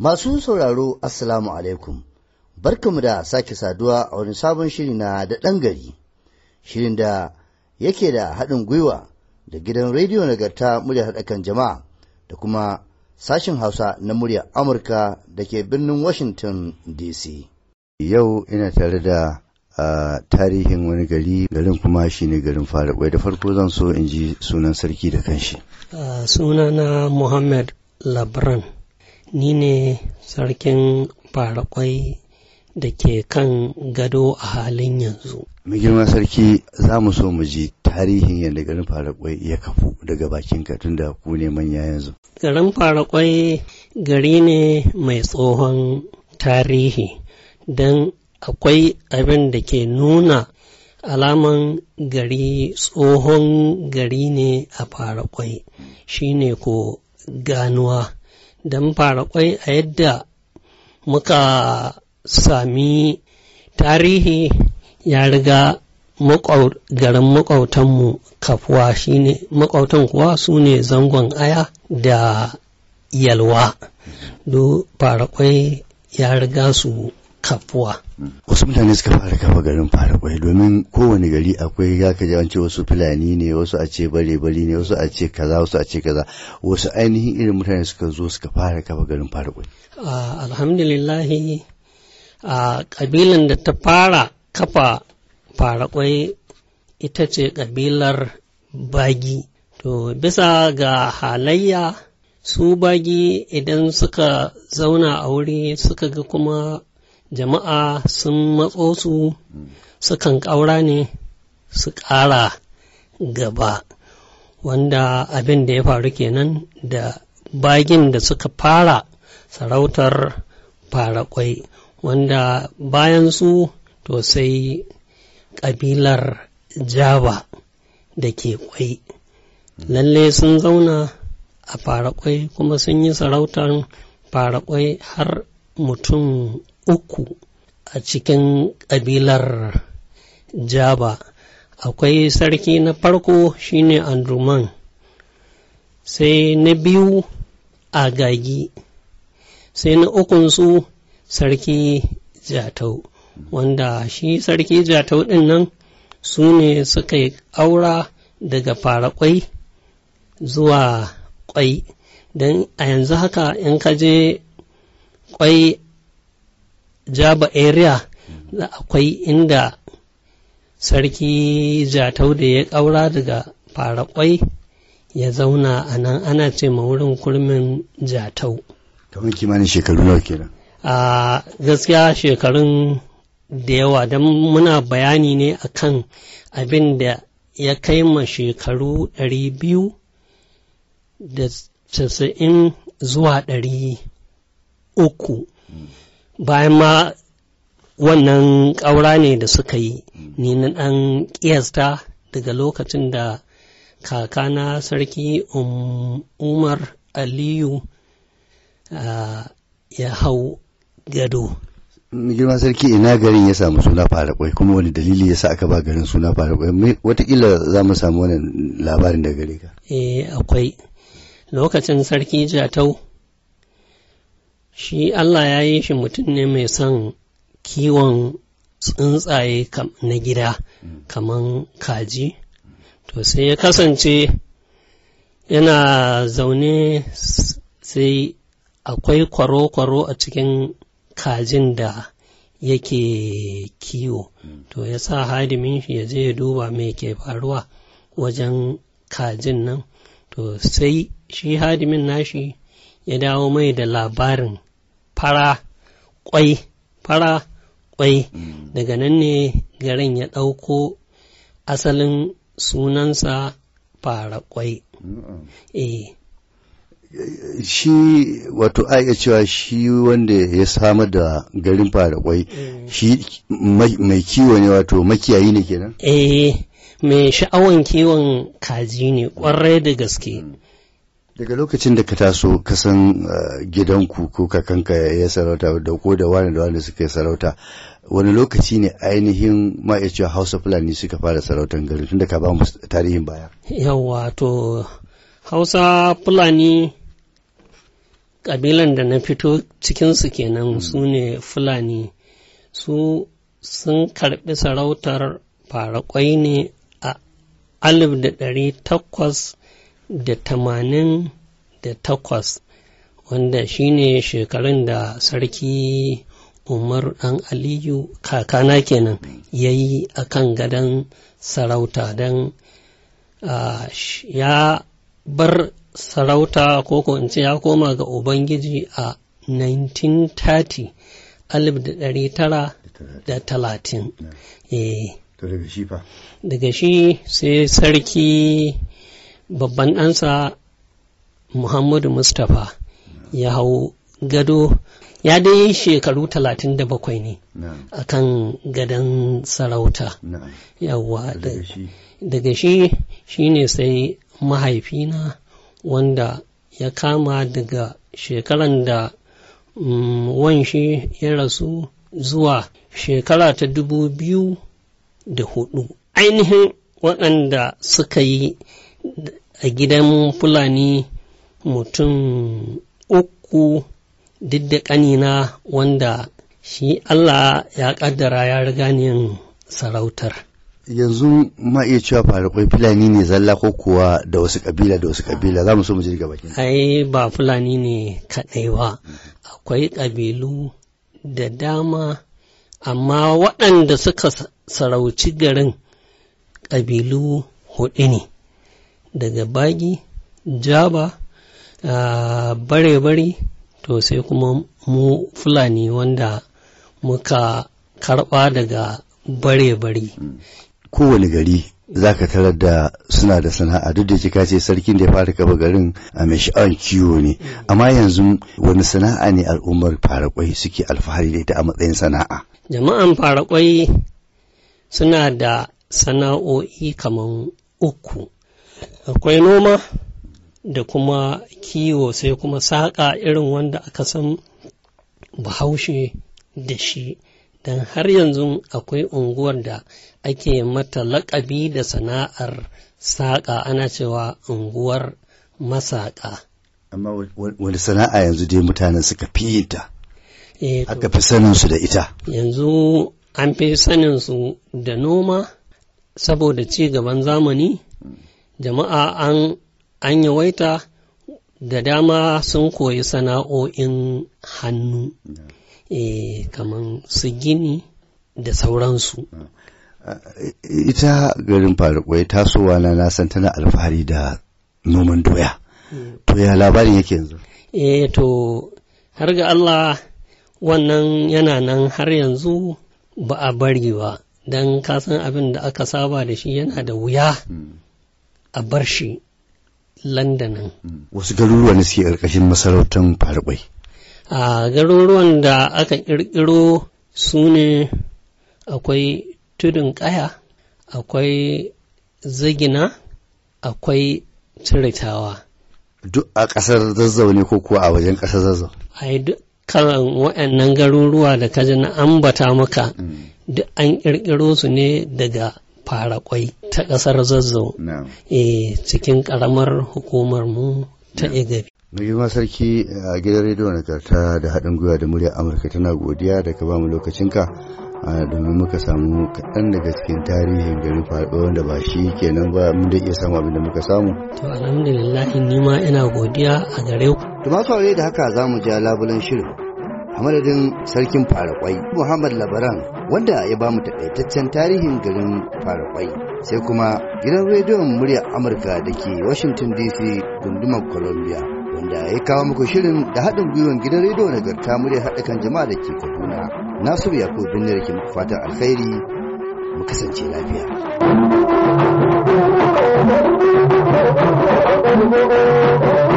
Masu sauraro Assalamu alaikum, barkamu da sake saduwa a wani sabon shiri na da ɗan gari, shirin da yake da haɗin gwiwa da gidan rediyo nagarta muryar haɗakan jama'a da kuma sashin Hausa na muryar Amurka da ke birnin Washington DC. Yau ina tare da a tarihin wani gari garin kuma shi ne garin faruwa da farko zan so in ji sunan sarki da kanshi. sunana Muhammad Labran. ni ne sarkin farakwai da ke kan gado a halin yanzu. Mai girma sarki za mu so mu ji tarihin yadda garin farakwai ya kafu daga bakin katun da ku ne manya yanzu. Garin farakwai gari ne mai tsohon tarihi don akwai abin da ke nuna alaman gari tsohon gari ne a farakwai shine ko ganuwa da fara kwai a yadda muka sami tarihi ya riga garin makwautanmu kafuwa shine makwautan kuwa su ne zangon aya da yalwa do fara kwai ya riga su kafuwa. Wasu mutane suka fara kafa garin fara kwai domin kowane gari akwai ya ka an ce wasu fulani ne wasu a ce bare bari ne wasu a ce kaza wasu a ce kaza wasu ainihin irin mutane suka zo suka fara kafa garin fara kwai. Alhamdulillahi a kabilan da ta fara kafa fara kwai ita ce kabilar bagi. To bisa ga halayya su bagi idan suka zauna a wuri suka ga kuma jama'a sun matso su sukan ƙaura ne su ƙara gaba wanda abin da ya faru kenan da bagin da suka fara sarautar farakwai wanda bayan su to sai ƙabilar java da ke kwai lalle sun zauna a farakwai kuma sun yi sarautar farakwai har mutum uku a cikin ƙabilar jaba akwai sarki na farko shine andruman sai na biyu agagi sai na ukunsu sarki jatau wanda shi sarki jatau ɗin nan su ne suka yi aura daga fara kwai zuwa kwai don a yanzu haka in ka je kwai jaba area da akwai inda sarki jatau da ya ƙaura daga farakwai ya zauna a nan ana ce ma wurin kurmin jatau kamar kimanin shekaru nawa kenan a gaskiya shekarun da yawa don muna bayani ne a kan abin da ya kai ma shekaru ɗari biyu da casa'in zuwa ɗari uku hmm. bayan ma wannan ƙaura ne da suka yi hmm. ni na ɗan ƙiyasta daga lokacin da kakana sarki um-, umar aliyu ah, ya hau gado girma sarki ina garin ya samu suna fara kwai kuma wani dalili ya sa aka ba garin suna fara kwai watakila za mu samu wani labarin da gare ka eh akwai lokacin sarki jatau shi Allah ya yi shi mutum ne mai son kiwon tsuntsaye na gida kaman kaji to sai ya kasance yana zaune sai akwai kwaro-kwaro a cikin kajin da yake kiwo to ya sa hadimin shi ya je ya duba mai ke faruwa wajen kajin nan to sai shi hadimin nashi ya dawo mai da labarin fara ƙwai fara ƙwai mm. daga nan ne garin ya ɗauko asalin sunansa fara ƙwai eh. shi wato aika cewa shi wanda ya samar da garin fara ƙwai mm. shi mai kiwo ne wato makiyayi ne kenan eh mai sha'awan kiwon kaji ne ƙwarai da gaske mm. daga lokacin da ka taso ka san eh, gidanku ko kakanka ya sarauta da ko da wani da wani suka yi sarauta wani lokaci ne ainihin ma hausa fulani suka fara sarautan gari tun ka ba mu tarihin baya yawwa to hausa fulani kabilan da na fito cikinsu kenan hmm. su ne fulani su sun karɓi sarautar farakwai ne a alif da ɗari takwas da tamanin da takwas wanda shine shekarun da sarki umar dan aliyu kakana kenan ya yi a kan gadon sarauta don ya bar sarauta ko in ce ya koma ga ubangiji a 1930 alif da dari tara da talatin eh, daga shi sai sarki babban ɗansa muhammadu mustapha ya hau gado ya dai yi shekaru 37 ne a kan gadon sarauta yawwa daga shi shine sai mahaifina wanda ya kama daga shekaran da mm, wanshi ya rasu zuwa shekara ta dubu biyu da hudu ainihin waɗanda suka yi a gidan fulani mutum uku duk da ƙanina wanda shi Allah ya ƙaddara ya riga ni sarautar. Yanzu ma iya cewa farakwai Fulani ne zalla ko kuwa da wasu ƙabila da wasu ƙabila za mu so mu jirga baki. Ai ba Fulani ne kaɗai ba, akwai ƙabilu da dama amma waɗanda suka sarauci garin ƙabilu huɗu ne. daga baƙi, jaba bare-bare to sai kuma mu fulani wanda muka karɓa daga bare-bare kowane gari za ka tarar da suna da sana'a duk da kika ce sarkin da ya fara kafa garin a mai sha'awar kiwo ne amma yanzu wani sana'a ne al'ummar farakwai suke alfahari da ita a matsayin sana'a jama'an farakwai suna da sana'o'i kamar uku akwai noma da kuma kiwo sai kuma saƙa irin wanda aka san bahaushe da shi don har yanzu akwai unguwar da ake mata laƙabi da sana'ar saƙa ana cewa unguwar masaƙa amma wani sana'a yanzu dai mutane suka fi ta eh aka fi saninsu da ita yanzu an fi saninsu da noma saboda ci gaban zamani jama'a an an yawaita da dama sun koyi sana'o'in hannu e, eh, kamar su gini da sauransu eh, ita garin farikwai tasowa na nasan tana alfahari da noman doya hmm. to ya labarin yake yanzu e to har ga Allah wannan yana nan har yanzu ba a bari ba don kasan abin da aka saba da shi yana da wuya hmm. a bar shi landanin wasu garuruwa ne suke ƙarƙashin masarautar farkwai a garuruwan da aka ƙirƙiro su ne akwai tudun ƙaya akwai zagina akwai ciritawa duk a ƙasar zazzau ne ko kuwa a wajen ƙasar zazzau ai duk kalan waɗannan garuruwa da ka na ambata maka mm. duk an ƙirƙiro su ne daga fara kwai ta ƙasar zazzau eh, cikin ƙaramar hukumar mu ta igabi mai sarki a gidan rediyo na karta da haɗin gwiwa da murya amurka tana godiya da ka bamu lokacinka domin muka samu kaɗan daga cikin tarihin garin faɗo wanda ba shi kenan ba mun da iya samu abin da muka samu to alhamdulillah ni ma ina godiya a gare ku to masu da haka za mu ja labulen shirin a madadin sarkin farakwai muhammad labaran wanda ya ba mu takaitaccen tarihin garin farakwai sai kuma gidan rediyon muryar amurka da ke washington dc gundumar columbia wanda ya kawo muku shirin da haɗin gwiwan gidan rediyo nagarta muryar haɗa kan jama'a da ke kaduna nasiru yakubu binne da ke muku fatan alkhairi mu kasance lafiya Thank you.